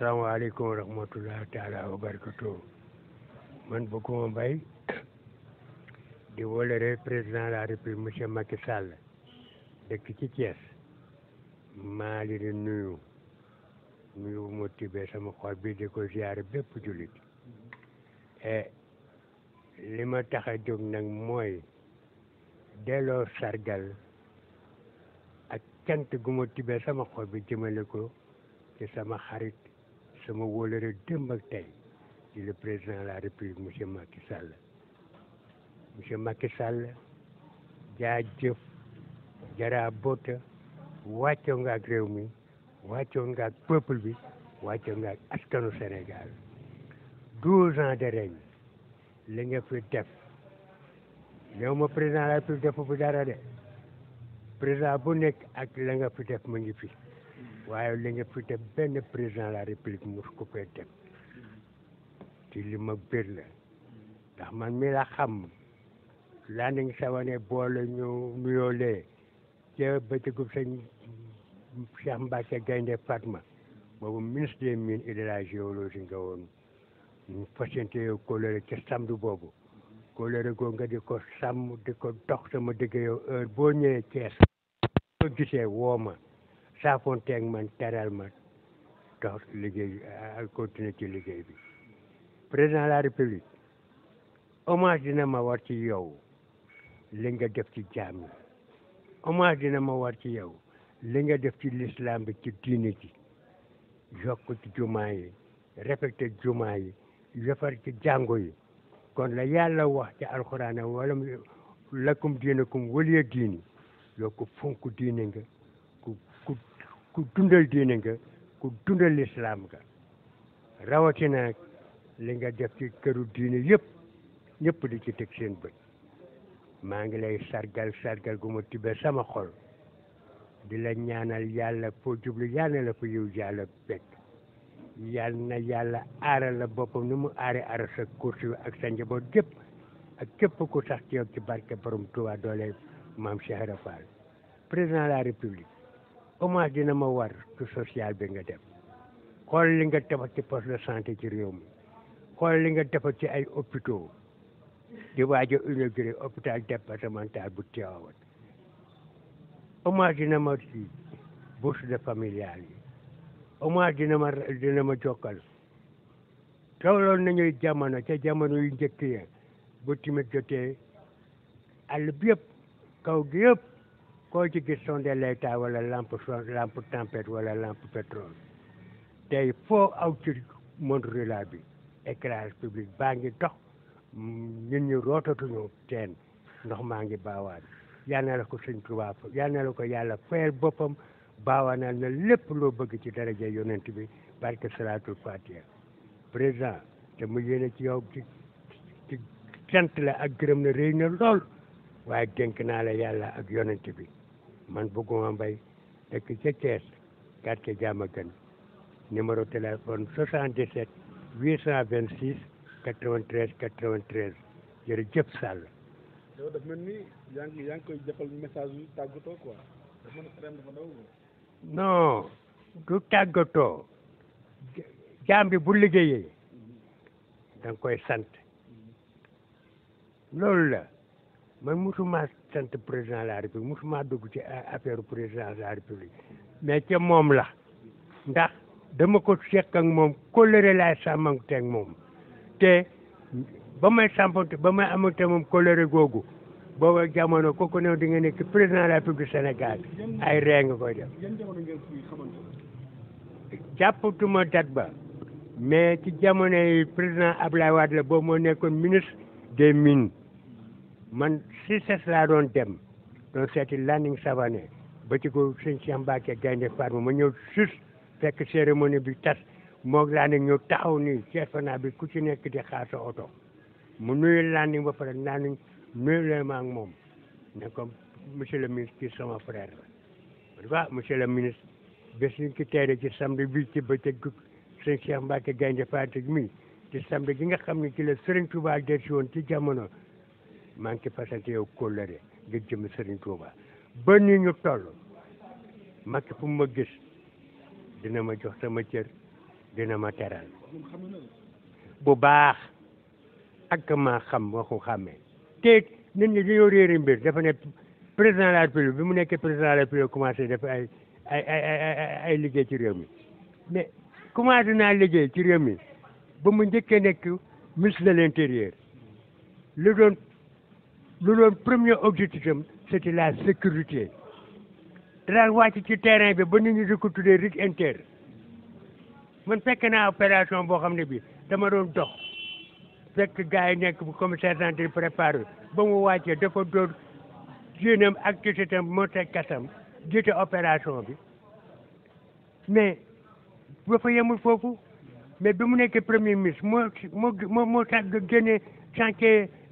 asalaamaaleykum wa rahmatulah taala wa barakatuh man Bouguma Mbaye di wolere président la république monsieur Macky sàll dëkk ci Thiès maa ngi di nuyu nuyu mu tibbee sama xol bi di ko ziare bépp jullit e, li ma tax a jóg nag mooy delloo sargal ak cant gu ma tibbee sama xol bi jëmale ko ci sama xarit sama wóolare démb ak tey di le président la république monsieur Macky Sall monsieur Macky Sall jaajëf jaraa bota wàccoo nga réew mi wàccoo nga ak bi wàccoo nga ak askanu Sénégal douze ans de règne li nga fi def néew ma président de la république defu fi dara de président bu nekk ak la fi def mu ngi fi waaye li nga fi def benn président la république mos ko fay def ci li ma bir la ndax man mi la xam laa nañ sawane boole ñu nuyoolee ca bëccëgu sëñ Cheikh Mbacke Gaynde Fatma boobu ministre des mines et de la géologie nga woon ñu fasante yow kóllëre ca samedi boobu kóllëre goo nga di ko sàmm di ko dox sama digg yow heure boo ñëwee Thiès soo gisee wooma saafonteeg man teral ma tax liggéey eh, continuer ci liggéey bi président de la république hommage dina ma war ci yow li nga def ci jaam yi hommage dina ma war ci yow linga def ci lislaam bi ci diine ji yokk ci jumaa yi respecté jumaa yi yëfar ci jàngo yi kon la yàlla wax ci alxuraan wala lakum diinakum waliya diini yokk fonk diine ku dundal diine nga ku dundal lislaam nga rawatina li nga def ci këru diine yëpp ñëpp di ci teg seen bët maa ngi lay sargal sargal gu ma tibbee sama xol di la ñaanal yàlla foo jublu yàlla na la fa yiw yàlla bekk yàlla na yàlla aaral la boppam ni mu aare aara sa kursi ak sa njaboot gépp ak képp ku sax ci yow ci barke borom Tuubaa doole maam Cheikh Ibra Fall président de la comment dina ma war ci social bi nga def xool li nga defar ci poste de santé ci réew mi xool li nga defar ci ay hôpitaux di waaj a inauguré hôpital départemental bu Tivaouane comment dina ma ci bourse de familiale yi dina ma dina ma jokkal tolloon nañuy jamono ca jamono yu njëkk ya bu timit jotee àll bi yëpp gi yëpp koo ci gis sonde lay taa wala lamp son lampe tempête wala lampe pétrole tey foo aw ci monde rural bi éclairage public baa ngi dox ñun ñu rootatuñu teen ndox maa ngi baawaan yal na la ko sëñ Tuubaa yal ko yàlla fayal boppam baawaanal na lépp loo bëgg ci daraja yonent bi barke salaatul fatiha président te mu yéene ci yow ci ci la ak gërëm na réy na lool waaye dénk naa la yàlla ak yonent bi man bëgguma mbay nekk ca Thiès quartier Diamaguène numéro téléphone 77 826 93 93 jërëjëf Sall. yow daf mel ni yaa ngi yaa ngi koy jëfal message yu tàggatoo quoi dafa mel ni dafa daw. non du tàggatoo jaam bi bu liggéeyee da koy sant loolu la. man musuma sant président de la république musuma dugg ci affaire président de la république mais ca moom la ndax dama ko seq ak moom kóllëre la sàmmante ak moom te ba may sàmmante ba may amante moom kóllëre googu booba jamono kooku ne di nga nekk président la république du Sénégal ay ree nga koy def jàppatuma ba mais ci jamono yi président Ablaye Wade la boobu moo nekkoon ministre des mines man si ses laa doon dem doon seeti Landing Savané ba ci ko sëñ Cheikh Mbacke Gaynde Fatma ma ñëw juste fekk cérémonie bi tas moog Landing ñëw ni nii ceefana bi ku ci nekk di xaar oto mu nuyu ba pare Landing nuyu ma ak moom ne ko monsieur le ministre kii sama frère la waaw ah, monsieur le ministre bés ñu ci teere ci samedi bi ci bëccëg sëñ Cheikh Mbacke Gaynde Fatma mi ci samedi gi nga xam ne ci la Serigne Touba del si woon ci jamono maa ngi ci fasante yow kóllëre ngir jëmi sëriñ Tuuba ba ni ñu toll Macky fu ma gis dina ma jox sama cër dina ma teral bu baax ak maa xam waxu xàmmee te nit ñi dañoo réeri mbir dafa ne président la bi mu nekkee président de la République commencé def ay ay ay ay liggéey ci réew mi mais commencé naa liggéey ci réew mi ba mu njëkkee nekk ministre de l'intérieur lu doon lu doon premier objectif am c'était la sécurité daan wàcc ci terrain bi ba nit ñi di ko tuddee rig man fekk naa opération boo xam ne bi dama doon dox fekk gars yi nekk bu commissaire santé préparé ba mu wàccee dafa doon jéenam ak tiitam moo teg kasam jiite opération bi mais dafa yemul foofu mais bi mu nekkee premier ministre moo moo moo moo génne chantier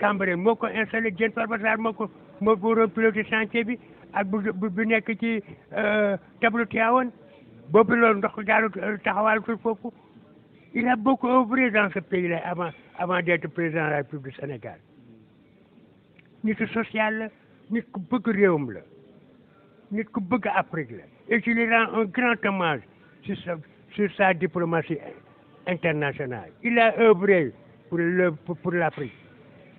Cambérène moo ko installé Diène Farba Sarr moo ko moo ko piloté chantier bi ak bu bu nekk ci euh, tableau Tivaouane boobu loolu ndox daal euh, taxawaal ko foofu il a beaucoup œuvré dans ce pays-là avant avant d'être président de la République du Sénégal nit ku social la nit ku bëgg réewam la nit ku bëgg Afrique la et je lui rends un grand hommage sur sa sur sa diplomatie internationale il a œuvré pour le pour l'Afrique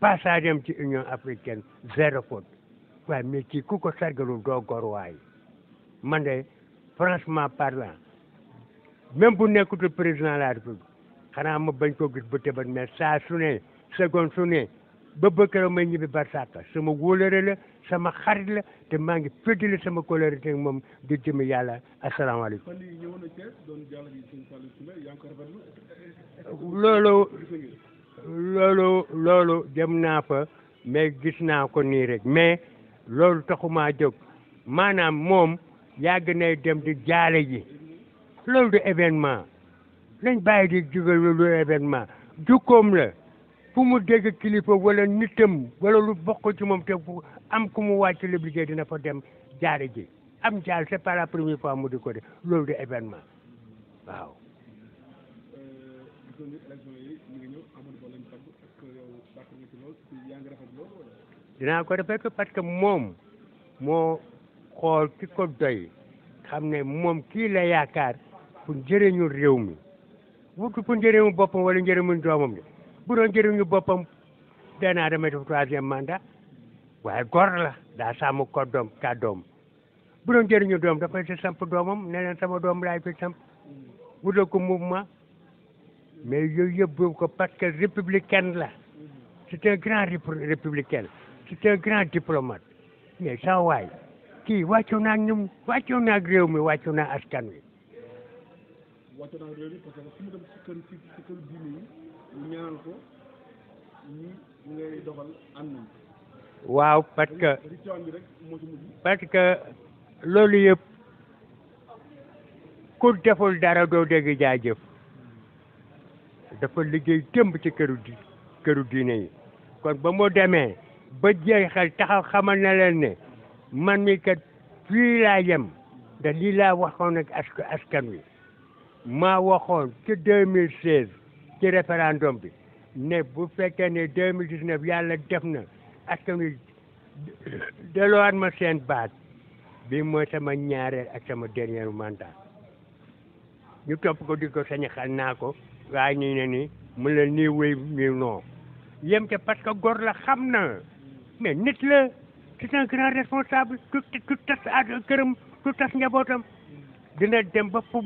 passage am ci Union africaine zéro faute waaye mais kii ku ko sargalul doo gor waay man de franchement parlant même bu nekkutul président de la république xanaa ma bañ koo gis bu tëbat mais saa su ne seconde su ne ba bëkkëra may ñibbi barsàkka sama wóolëre sama xarit la te maa ngi féddali sama kóolëre te moom di jëmi yàlla asalaamaaleykum loolu loolu loolu dem naa fa mais gis naa ko nii rek mais loolu taxumaa jóg maanaam moom yàgg nay dem di jaale ji loolu di événement lañ bàyyi di jóge loolu événement jukkoom la fu mu dégg kilifa walla nitam wala lu bokk ci moom te fu am ku mu wàcc lépp liggéey dina fa dem jaare ji am jaal c'est pas la première fois mu di ko def loolu di événement waaw euh, dinaa ko répété parce que moom moo xool ki ko doy xam ne moom kii la yaakaar pour njëriñu réew mi wutu pour njëriñu boppam wala njëriñu doomam de bu doon njëriñu boppam danaa damay def troisième mandat waaye gor la daa doom koddoom doom bu doon njëriñu doom dafay si samp doomam ne leen sama doom laay fi samp wutal ko mouvement mais yooyu yëpp ko parce que républicaine la c'est un grand républicain c'est un grand diplomate mais saa waay kii wàccoo naa ñoom wàccoo naa réew mi wàccoo naa réew mi parce que su waaw parce que parce que loolu yëpp ku deful dara doo dégg jaajëf dafa liggéey démb ci këru di kon ba moo demee. ba jeexal taxaw xamal na leen ne man mi kat fii laa yem ndax lii laa waxoon ak askan wi maa waxoon ci 2016 ci référendum bi ne bu fekkee ne 2019 yàlla def na askan wi delluwaat ma seen baat bi mooy sama ñaareel ak sama dernier mandat ñu topp ko di ko sañ naa ko waaye ñu ne ni mu la nii wéy nii non yem ca parce que la xam na mais nit la c'est un grand responsable ku ku tas a këram ku tas njabootam dina dem ba fu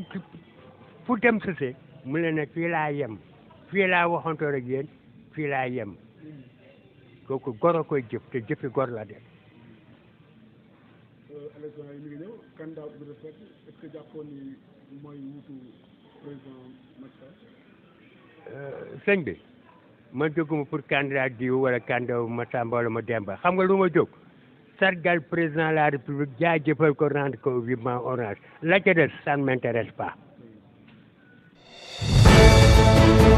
fu dem sësee mu ne ne fii laa yem fii laa waxantoo ak fii laa yem kooku gor a koy jëf te jëfi gor la def euh, élection euh, bi man jóguma pour candidat diw wala candidat ma Samba wala ma Demba xam nga lu ma jóg sargal président la république jaajëfal ko rendre ko vivement hommage la ca des ça ne